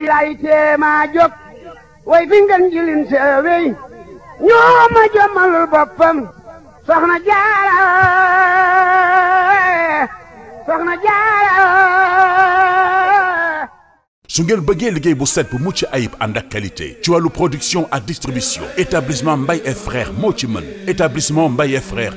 lay tee maa jóg way fi ngeen jilin seewey ñoo ma boppam soxna jaara su ngeen bëggee liggéey bu set bu mucc ayib ànd ak qualité ci wàllu production a distribution établissement Mbaye et frères moo ci mën établissement Mbaye et frères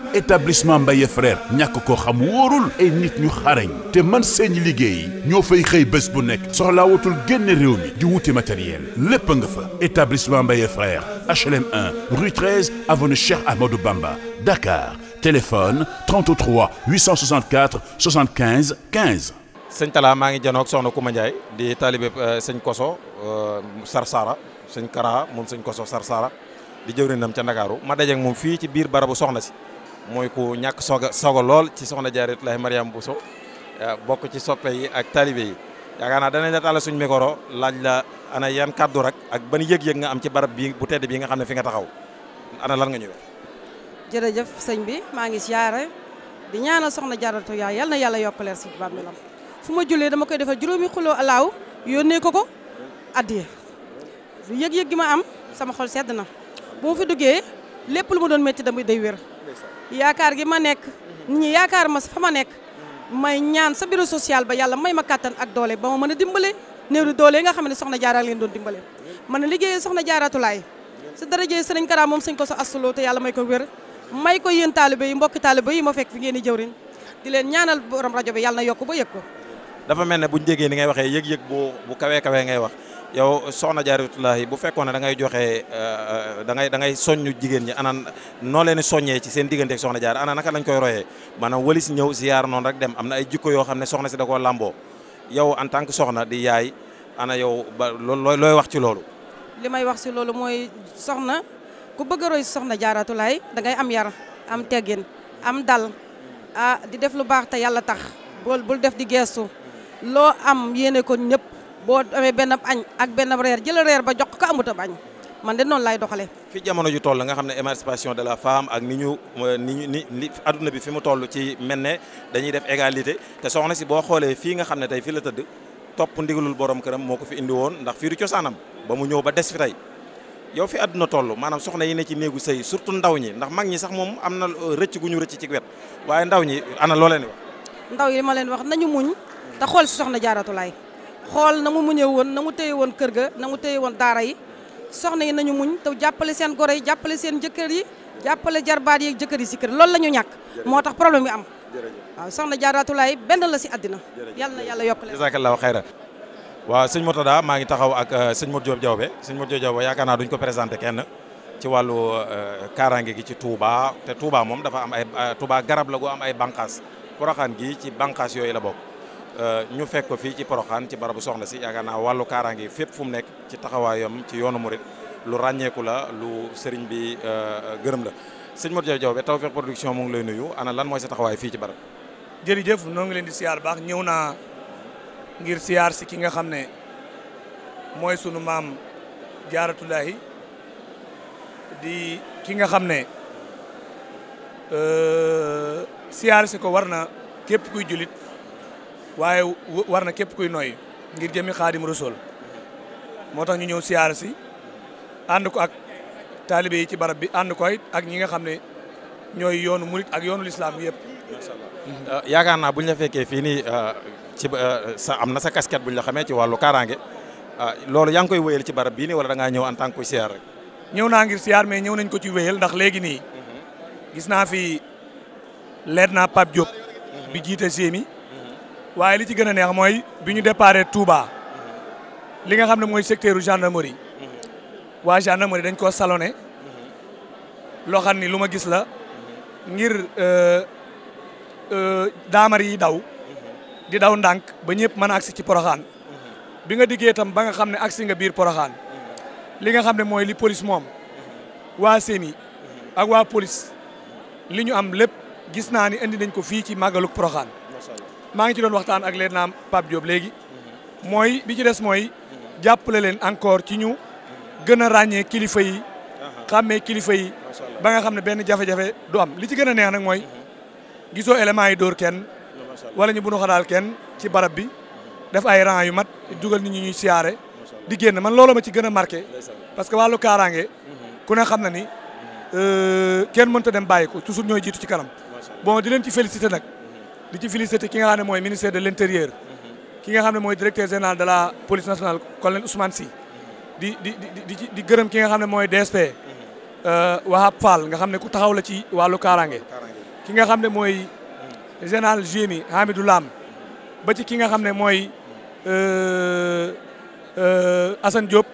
établissement Mbaye frère ñàkk koo xam wóorul ay nit ñu xarañ te man seen liggéey ñoo fay xëy bés bu nekk soxlaa watul génn réew mi di wuti matériel lépp nga fa établissement Mbaye frère HLM 1 rue 13 avenue Cheikh Amadou Bamba Dakar téléphone 33 864 75 15. maa ngi janoog soxna Kouma Ndiaye di taalibe euh, sëñ Koso euh, Sarsara sëñ Kara moom sëñ Koso Sarsara di jëwrinam ca Ndakaaru ma dajeeg moom fii ci biir barabu soxna si. mooy ku ñàkk soga soga lool ci soxna Jaaratullaahi Mariam Bousso bokk ci soppe yi ak taalibe yi yaakaar naa danañ la tàllal suñu micro laaj la ana yan kàddu rek ak ban yëg-yëg nga am ci barab bi bu tedd bi nga xam ne fi nga taxaw ana lan nga ñëwee. sëñ bi maa ngi siyaare di ñaanal soxna Jaaratu yaay yal na yàlla yokk leer si bàmmeelam fu ma jullee dama koy defal juróomi xuloo alaaw yónnee ko ko addiye yëg-yëg gi ma am sama xol sedd na bu ma fi duggee lépp lu ma doon metti damay day wér yaakaar gi ma nekk nit ñi yaakaar ma fa ma nekk may ñaan sa bureau social ba yàlla may ma kattan ak doole ba ma mën a dimbale néew doole yi nga xam ne soxna jaara leen doon dimbale man a liggéeyee soxna jaaratulaay sa darajee sëriñ Kara moom sëñ ko sa assuloo te yàlla may ko wér may ko yéen taalibe yi mbokki taalibe yi ma fekk fi ngeen di jëwriñ di leen ñaanal borom rajo bi yàlla na yokk ba yëg ko dafa mel ne bu déggee ni ngay waxee yëg-yëg boo bu kawe kawe ngay wax yow soxna Jaaratullaahi bu fekkoon ne da ngay joxe euh, da ngay da ngay soññu jigéen ñi ana noo leen soññee ci seen diggante ak soxna jaar ana naka lañ koy royee maanaam walis ñëw ziyaar noonu rek dem am na ay jikko yoo xam ne soxna si da koo yow en tant que soxna di yaay ana yow ba looy looy wax ci loolu. li may wax si loolu mooy soxna ku bëgg a roy soxna Jaaratullaahi da ngay am yar am teggin am dal ah, di def lu baax te yàlla tax bul bul def di geestu loo am yéene ko ñëpp. boo amee benn añ ak benn reer jëla reer ba jox ko amut a bañ man de noonu laay doxalee. fi jamono ju toll nga xam ne émancipation de la femme ak ni ñu ni ñu ni li bi fi mu toll ci mel ne dañuy def égalité te soxna si boo xoolee fii nga xam ne tey fii la tëdd topp ndigalul borom këram moo ko fi indi woon ndax fii du cosaanam ba mu ñëw ba des fi tey yow fi adduna toll maanaam soxna yi ne ci néegu sëy surtout ndaw ñi ndax mag ñi sax moom am na euh, rëcc ñu rëcc ci wet waaye ndaw ñi ana loo leen wax. ndaw yi ma leen wax xool na mu muñee woon na mu téye woon kër ga na mu téye woon daara yi soxna yi nañu muñ te jàppale seen goro yi jàppale seen jëkkër yi jàppale jarbaat yi jëkkër yi si kër loolu la ñu ñàkk moo tax problème bi am waaw soxna jaaratulaay benn la si àddina yàlla na yàlla yokk leen jazakallahu xayra waaw sëñ Murtada maa ngi taxaw ak euh, sëñ Mor Diop Diawbe sëñ Mor Diop Diawbe yaakaar naa duñ ko présenté kenn ci wàllu euh, kaaraange gi ci Touba te Touba moom dafa am ay euh, Touba garab la gu am ay bànqaas Porokhane gi ci bànqaas yooyu la bokk Euh, ñu fekk ko fii ci Porokhane ci barabu soxna si yaakaar naa wàllu kaaraange fépp fu mu nekk ci taxawaayam ci yoonu murit lu ràññeeku la lu sëriñ bi euh, gërëm la sëñ moo Diaw Diaw be Tawfekh Production mu ngi lay nuyu ana lan mooy sa taxawaay fii ci barab. jërëjëf noo ngi leen di siyaar baax ñëw na ngir siyaar si ki nga xam ne mooy sunu maam jaaratulahi di ki nga xam ne euh, siyaar si ko war na képp kuy julit waaye war na képp kuy noyyi ngir jëmmi xaadim rasul moo tax ñu ñëw siyaar si ànd ko ak taalibe yi ci barab bi ànd koy ak ñi nga xam ne ñooy yoonu murit ak yoonu lislaam yëpp. Euh, yaakaar naa buñ la fekkee fii nii euh, ci euh, sa am na sa casquette buñ la xamee ci wàllu kaaraange loolu yaa ngi koy wéyal ci barab bii nii wala da ñëw en tant que siyaar rek. ñëw naa ngir siyaar mais ñëw nañ ko ci wéyal ndax léegi nii mhm. gis naa fi leer naa Pape Diop. Mhm. bi jiite sémi waaye li ci gën a neex mooy bi ñu déparé Touba li nga xam ne mooy secteur gendarmerie waa gendarmerie dañ koo saloné loo xam ni lu ma gis la ngir euh, euh, daamar yi daw di daw ndànk ba ñëpp mën a agsi ci poroxaan bi nga diggee tam ba nga xam ne agsi nga biir poroxaan li nga xam ne mooy li police moom waa semi ak waa police li ñu am lépp gis naa ni indi nañ ko fii ci màggalu poroxaan maa ngi ci doon waxtaan ak leen naam Pape Diop léegi mooy bi ci des mooy jàppale leen encore ci ñu gën a ràññee kilifa yi xàmmee kilifa yi ba nga xam ne benn jafe-jafe du am li ci gën a neex nag mooy gisoo éléments yi door kenn wala ñu bunu xadaal kenn ci barab bi def ay rang yu mat dugal nit ñi ñuy siyaare di génn man loolu ma ci gën a parce que wàllu kaaraange ku ne xam na ni euh, kenn mënta dem bàyyi ko toujours ñooy jiitu ci kanam bon di leen ci félicité nag di ci félicité ki nga xam ne mooy ministère de l' intérieur ki nga xam ne mooy directeur général de la police nationale colonel Ousmane si di di di di gërëm ki nga xam ne mooy DSP euh, Wahab Fall nga xam ne ku taxaw la ci wàllu kaaraange ki nga xam ne mooy général Jémi Hamidou Lam ba ci ki nga xam ne mooy euh, euh, Assane Diop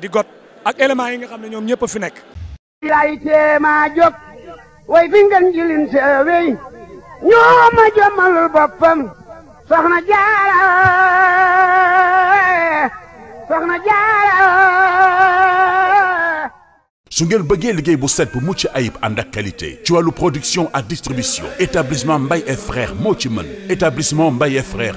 di got ak éléments yi nga xam ne ñoom ñëpp a fi nekk. way fi ngeen jëlin sa ñoo ma jëmmalul boppam soxna soxna jaara su bëggee liggéey bu set bu mucc ayib ànd ak qualité ci wàllu production ak distribution établissement Mbaye et moo ci mën établissement Mbaye et frères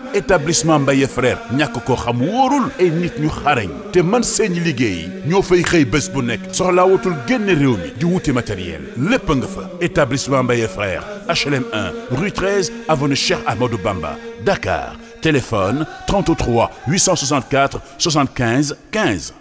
établissement Mbaye frère ñàkk koo xam wóorul ay nit ñu xarañ te man seen liggéey ñoo fay xëy bés bu nekk soxlaa watul génn réew mi di wuti matériel lépp nga fa établissement Mbaye frère HLM 1 rue 13 avenue Cheikh Amadou Bamba Dakar téléphone 33 864 75 15